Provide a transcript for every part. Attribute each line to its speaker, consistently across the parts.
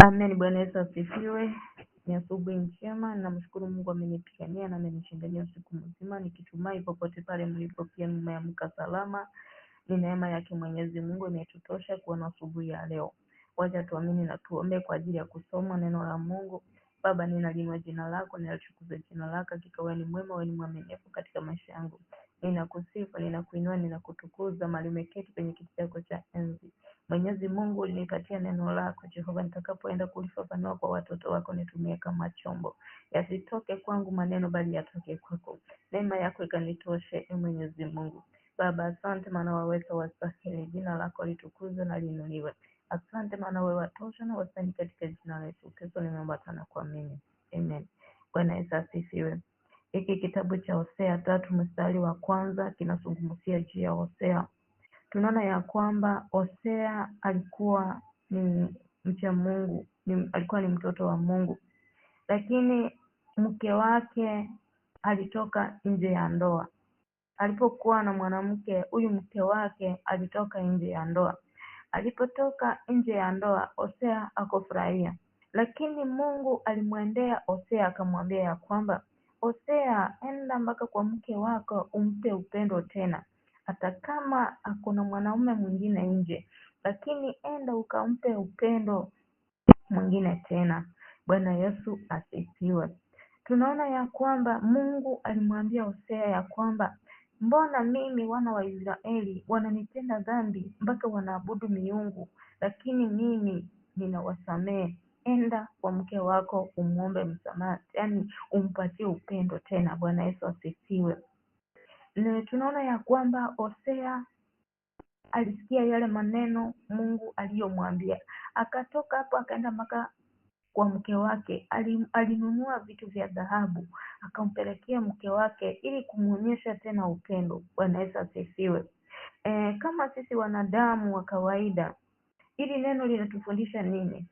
Speaker 1: Amen. Bwana Yesu asifiwe. Ni asubuhi njema, namshukuru Mungu amenipigania na amenishindania usiku mzima, nikitumai popote pale mlipo pia mmeamka salama. Ni neema yake Mwenyezi Mungu imetutosha kuona asubuhi ya leo. Wacha tuamini na tuombe kwa ajili ya kusoma neno la Mungu. Baba, ninalinua jina lako, ninalichukuza jina lako, hakika wewe ni mwema, wewe ni mwaminifu katika maisha yangu. Ninakusifu, ninakuinua, ninakutukuza, mahali umeketi kwenye kiti chako cha enzi. Mwenyezi Mungu ulinipatia neno lako Jehova, nitakapoenda kulifafanua kwa watoto wako, nitumie kama chombo. Yasitoke kwangu maneno, bali yatoke kwako. Neema yako ikanitoshe, e Mwenyezi Mungu. Baba, asante maana waweza wastahili, jina lako litukuzwe na linuliwe. Asante maana wewe watosha na wastahili, katika jina la Yesu Kristo nimeomba sana kwa mimi, amen. Bwana Yesu asifiwe. Hiki kitabu cha Hosea tatu mstari wa kwanza kinazungumzia juu ya Hosea tunaona ya kwamba Hosea alikuwa ni mcha Mungu ni, alikuwa ni mtoto wa Mungu lakini mke wake alitoka nje ya ndoa alipokuwa na mwanamke huyu mke wake alitoka nje ya ndoa alipotoka nje ya ndoa Hosea akofurahia, lakini Mungu alimwendea Hosea akamwambia ya kwamba Hosea enda mpaka kwa mke wako umpe upendo tena hata kama kuna mwanaume mwingine nje lakini enda ukampe upendo mwingine tena bwana yesu asifiwe tunaona ya kwamba mungu alimwambia hosea ya kwamba mbona mimi wana wa israeli wananitenda dhambi mpaka wanaabudu miungu lakini mimi ninawasamehe enda kwa mke wako umwombe msamaha yani umpatie upendo tena bwana yesu asifiwe tunaona ya kwamba Hosea alisikia yale maneno Mungu aliyomwambia, akatoka hapo akaenda mpaka kwa mke wake. Alinunua vitu vya dhahabu akampelekea mke wake ili kumwonyesha tena upendo. Bwana Yesu asifiwe. E, kama sisi wanadamu wa kawaida, hili neno linatufundisha nini?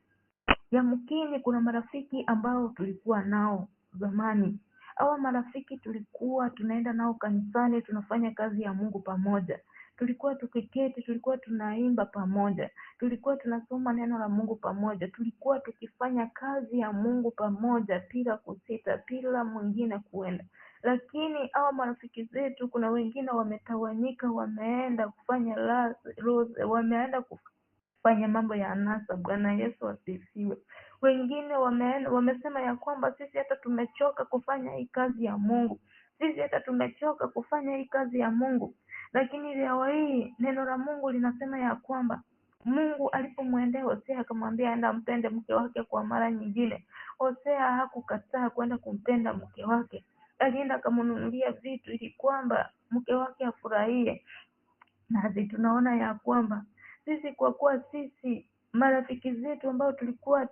Speaker 1: Yamkini kuna marafiki ambao tulikuwa nao zamani Hawa marafiki tulikuwa tunaenda nao kanisani, tunafanya kazi ya Mungu pamoja, tulikuwa tukiketi, tulikuwa tunaimba pamoja, tulikuwa tunasoma neno la Mungu pamoja, tulikuwa tukifanya kazi ya Mungu pamoja bila kusita, bila mwingine kuenda. Lakini hawa marafiki zetu, kuna wengine wametawanyika, wameenda kufanya wameenda kufanya kufanya mambo ya anasa. Bwana Yesu asifiwe. Wengine wamesema ya kwamba sisi hata tumechoka kufanya hii kazi ya Mungu, sisi hata tumechoka kufanya hii kazi ya Mungu. Lakini leo hii neno la Mungu linasema ya kwamba Mungu alipomwendea Hosea akamwambia aenda mpende mke wake kwa mara nyingine. Hosea hakukataa kwenda kumpenda mke wake, alienda akamnunulia vitu ili kwamba mke wake afurahie. Nasi tunaona ya kwamba sisi kwa kuwa sisi marafiki zetu ambao tulikuwa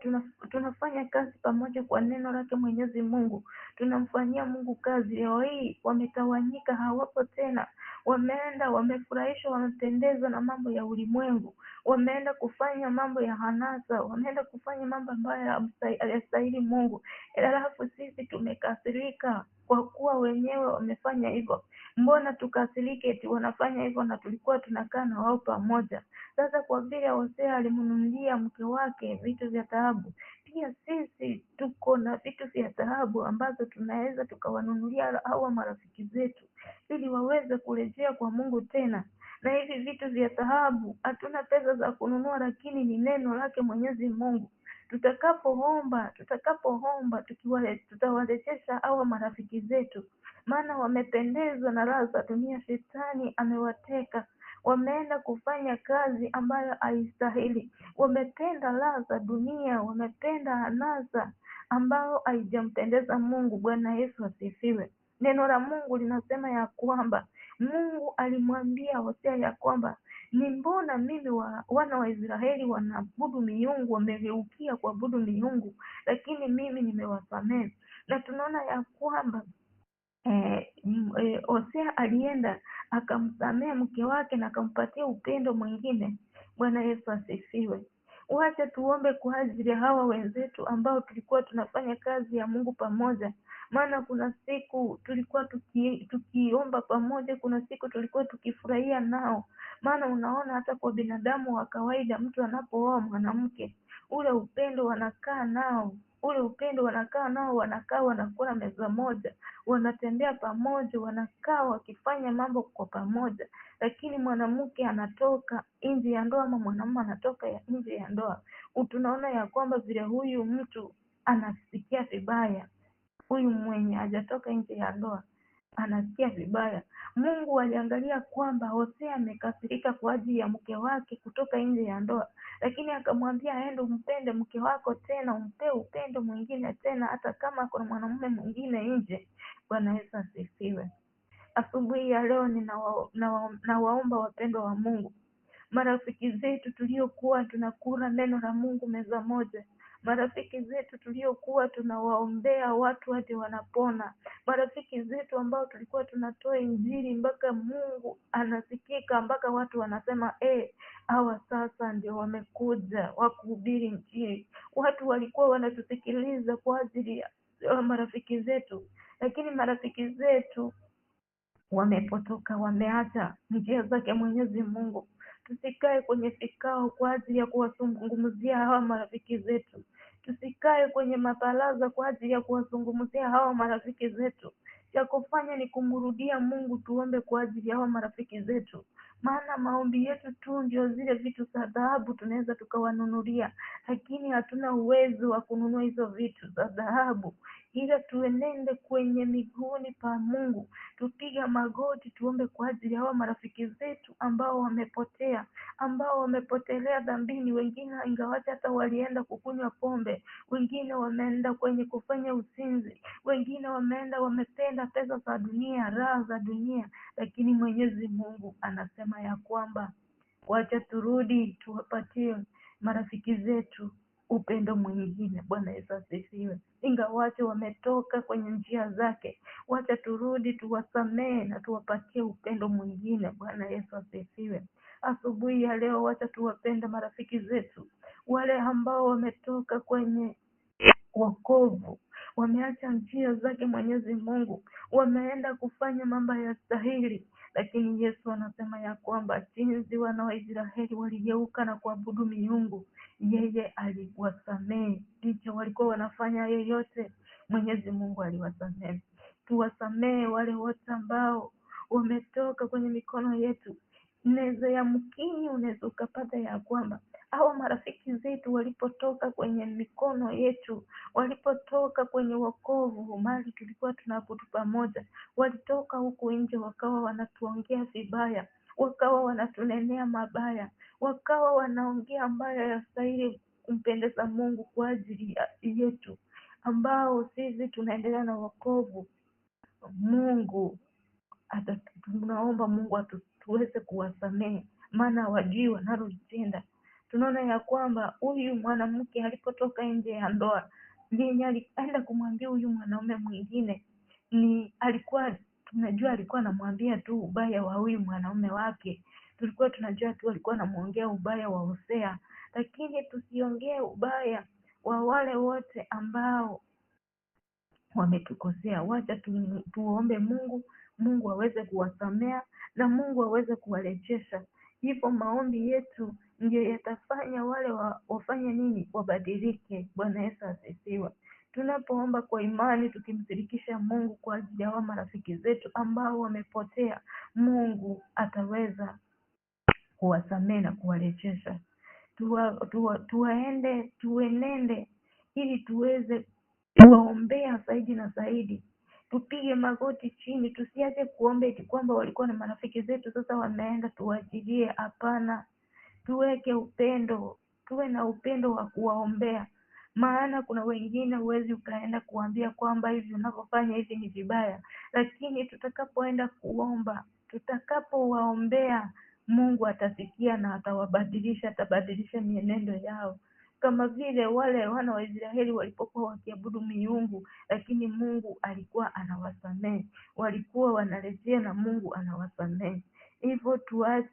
Speaker 1: tunafanya kazi pamoja kwa neno lake Mwenyezi Mungu, tunamfanyia Mungu kazi. Leo hii wametawanyika, hawapo tena, wameenda wamefurahishwa, wamependezwa na mambo ya ulimwengu, wameenda kufanya mambo ya hanasa, wameenda kufanya mambo ambayo hayastahili Mungu, halafu sisi tumekasirika kwa kuwa wenyewe wamefanya hivyo. Mbona tukasirike? Eti wanafanya hivyo na tulikuwa tunakaa na wao pamoja. Sasa kwa vile Hosea alimnunulia mke wake vitu vya taabu, pia sisi tuko na vitu vya dhahabu ambazo tunaweza tukawanunulia hawa marafiki zetu ili waweze kurejea kwa Mungu tena na hivi vitu vya dhahabu hatuna pesa za kununua, lakini ni neno lake Mwenyezi Mungu. Tutakapoomba, tutakapoomba tukiwale, tutawarejesha hawa marafiki zetu, maana wamependezwa na raha za dunia. Shetani amewateka, wameenda kufanya kazi ambayo haistahili, wamependa raha za dunia, wamependa anasa ambayo haijampendeza Mungu. Bwana Yesu asifiwe. Neno la Mungu linasema ya kwamba Mungu alimwambia Hosea ya kwamba ni mbona mimi wa, wana wa Israeli wanaabudu miungu, wamegeukia kuabudu miungu, lakini mimi nimewasamehe. Na tunaona ya kwamba eh, mm, eh, Hosea alienda akamsamea mke wake na akampatia upendo mwingine. Bwana Yesu asifiwe. Wacha tuombe kwa ajili ya hawa wenzetu ambao tulikuwa tunafanya kazi ya Mungu pamoja, maana kuna siku tulikuwa tuki, tukiomba pamoja, kuna siku tulikuwa tukifurahia nao, maana unaona hata kwa binadamu wa kawaida, mtu anapooa mwanamke ule upendo wanakaa nao ule upendo wanakaa nao wanakaa wanakula meza moja wanatembea pamoja wanakaa wakifanya mambo kwa pamoja lakini mwanamke anatoka nje ya ndoa ama mwanamume anatoka nje ya ndoa tunaona ya kwamba vile huyu mtu anasikia vibaya huyu mwenye hajatoka nje ya ndoa anasikia vibaya. Mungu aliangalia kwamba Hosea amekasirika kwa ajili ya mke wake kutoka nje ya ndoa, lakini akamwambia aende umpende mke wako tena umpee upendo mwingine tena hata kama kuna mwanamume mwingine nje. Bwana Yesu asifiwe. Asubuhi ya leo ninawaomba wapendwa wa Mungu, marafiki zetu tuliokuwa tunakula neno la Mungu meza moja, marafiki zetu tuliokuwa tunawaombea watu hadi wanapona, marafiki zetu ambao tulikuwa tunatoa injili mpaka Mungu anasikika, mpaka watu wanasema e, hawa sasa ndio wamekuja wa kuhubiri injili. Watu walikuwa wanatusikiliza kwa ajili ya marafiki zetu, lakini marafiki zetu wamepotoka, wameacha njia zake Mwenyezi Mungu. Tusikae kwenye vikao kwa ajili ya kuwazungumzia hawa marafiki zetu, Tusikae kwenye mabaraza kwa ajili ya kuwazungumzia hawa marafiki zetu. Cha kufanya ni kumrudia Mungu tuombe kwa ajili ya hawa marafiki zetu maana maombi yetu tu ndio zile vitu za dhahabu tunaweza tukawanunulia, lakini hatuna uwezo wa kununua hizo vitu za dhahabu, ila tuenende kwenye miguuni pa Mungu, tupiga magoti, tuombe kwa ajili ya hawa marafiki zetu ambao wamepotea, ambao wamepotelea dhambini. Wengine ingawaje hata walienda kukunywa pombe, wengine wameenda kwenye kufanya usinzi wengine wameenda wamependa pesa za dunia, raha za dunia, lakini Mwenyezi Mungu anasema kusema ya kwamba wacha turudi tuwapatie marafiki zetu upendo mwingine. Bwana Yesu asifiwe. Ingawache wametoka kwenye njia zake, wacha turudi tuwasamehe na tuwapatie upendo mwingine. Bwana Yesu asifiwe. Asubuhi ya leo, wacha tuwapende marafiki zetu wale ambao wametoka kwenye wokovu wameacha njia zake Mwenyezi Mungu, wameenda kufanya mambo ya stahili, lakini Yesu anasema ya kwamba jinsi wana wa Israeli waligeuka na kuabudu miungu, yeye aliwasamehe licha walikuwa wanafanya yeyote, Mwenyezi Mungu aliwasamehe. Tuwasamehe wale wote ambao wametoka kwenye mikono yetu. Inaweza yamkini, unaweza ukapata ya kwamba hao marafiki zetu walipotoka kwenye mikono yetu, walipotoka kwenye wokovu, mali tulikuwa tunaabudu pamoja, walitoka huku nje wakawa wanatuongea vibaya, wakawa wanatunenea mabaya, wakawa wanaongea ambayo hayastahili kumpendeza Mungu kwa ajili yetu, ambao sisi tunaendelea na wokovu. Mungu atatunaomba tunaomba Mungu atu, tuweze kuwasamehe, maana hawajui wanalotenda tunaona ya kwamba huyu mwanamke alipotoka nje ya ndoa vyenye alienda kumwambia huyu mwanaume mwingine ni alikuwa tunajua alikuwa anamwambia tu ubaya wa huyu mwanaume wake tulikuwa tunajua tu alikuwa anamwongea ubaya wa Hosea lakini tusiongee ubaya wa wale wote ambao wametukosea wacha tu, tuombe Mungu Mungu aweze kuwasamea na Mungu aweze kuwarejesha hivyo maombi yetu yatafanya wale wafanye nini? Wabadilike. Bwana Yesu asifiwe. Tunapoomba kwa imani tukimshirikisha Mungu kwa ajili ya wao marafiki zetu ambao wamepotea, Mungu ataweza kuwasamehe na kuwarejesha. Tuwa, tuwa, tuwaende tuenende ili tuweze kuwaombea zaidi na zaidi tupige magoti chini tusiache kuomba eti kwamba walikuwa na marafiki zetu sasa wameenda tuwajilie. hapana tuweke upendo, tuwe na upendo wa kuwaombea, maana kuna wengine huwezi ukaenda kuambia kwamba hivi unavyofanya hivi ni vibaya, lakini tutakapoenda kuomba, tutakapowaombea, Mungu atasikia na atawabadilisha, atabadilisha mienendo yao kama vile wale wana wa Israeli walipokuwa wakiabudu miungu, lakini Mungu alikuwa anawasamehe. Walikuwa wanarejea na Mungu anawasamehe. Hivyo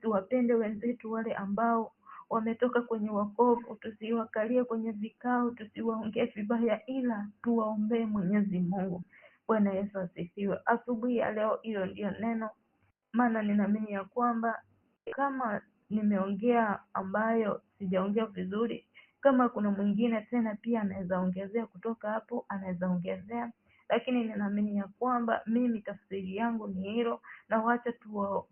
Speaker 1: tuwapende wenzetu wale ambao wametoka kwenye wokovu, tusiwakalie kwenye vikao, tusiwaongee vibaya, ila tuwaombee Mwenyezi Mungu. Bwana Yesu asifiwe. Asubuhi ya leo, hiyo ndiyo neno, maana ninaamini ya kwamba kama nimeongea ambayo sijaongea vizuri, kama kuna mwingine tena pia anaweza ongezea kutoka hapo, anaweza ongezea lakini ninaamini ya kwamba mimi tafsiri yangu ni hilo, na wacha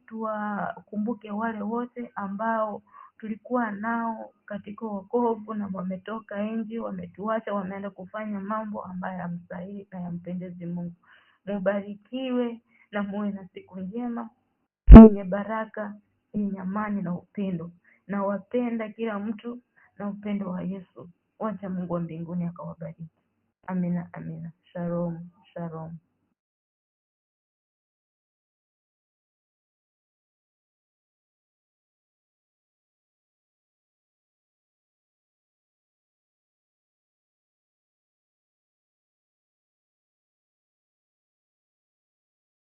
Speaker 1: tuwakumbuke tuwa wale wote ambao tulikuwa nao katika wokovu na wametoka nje, wametuacha, wameenda kufanya mambo ambayo yamstahili na yampendezi Mungu. Mubarikiwe na muwe na siku njema yenye baraka, yenye amani na upendo. Nawapenda kila mtu na upendo wa Yesu. Wacha Mungu wa mbinguni akawabariki. Amina, amina.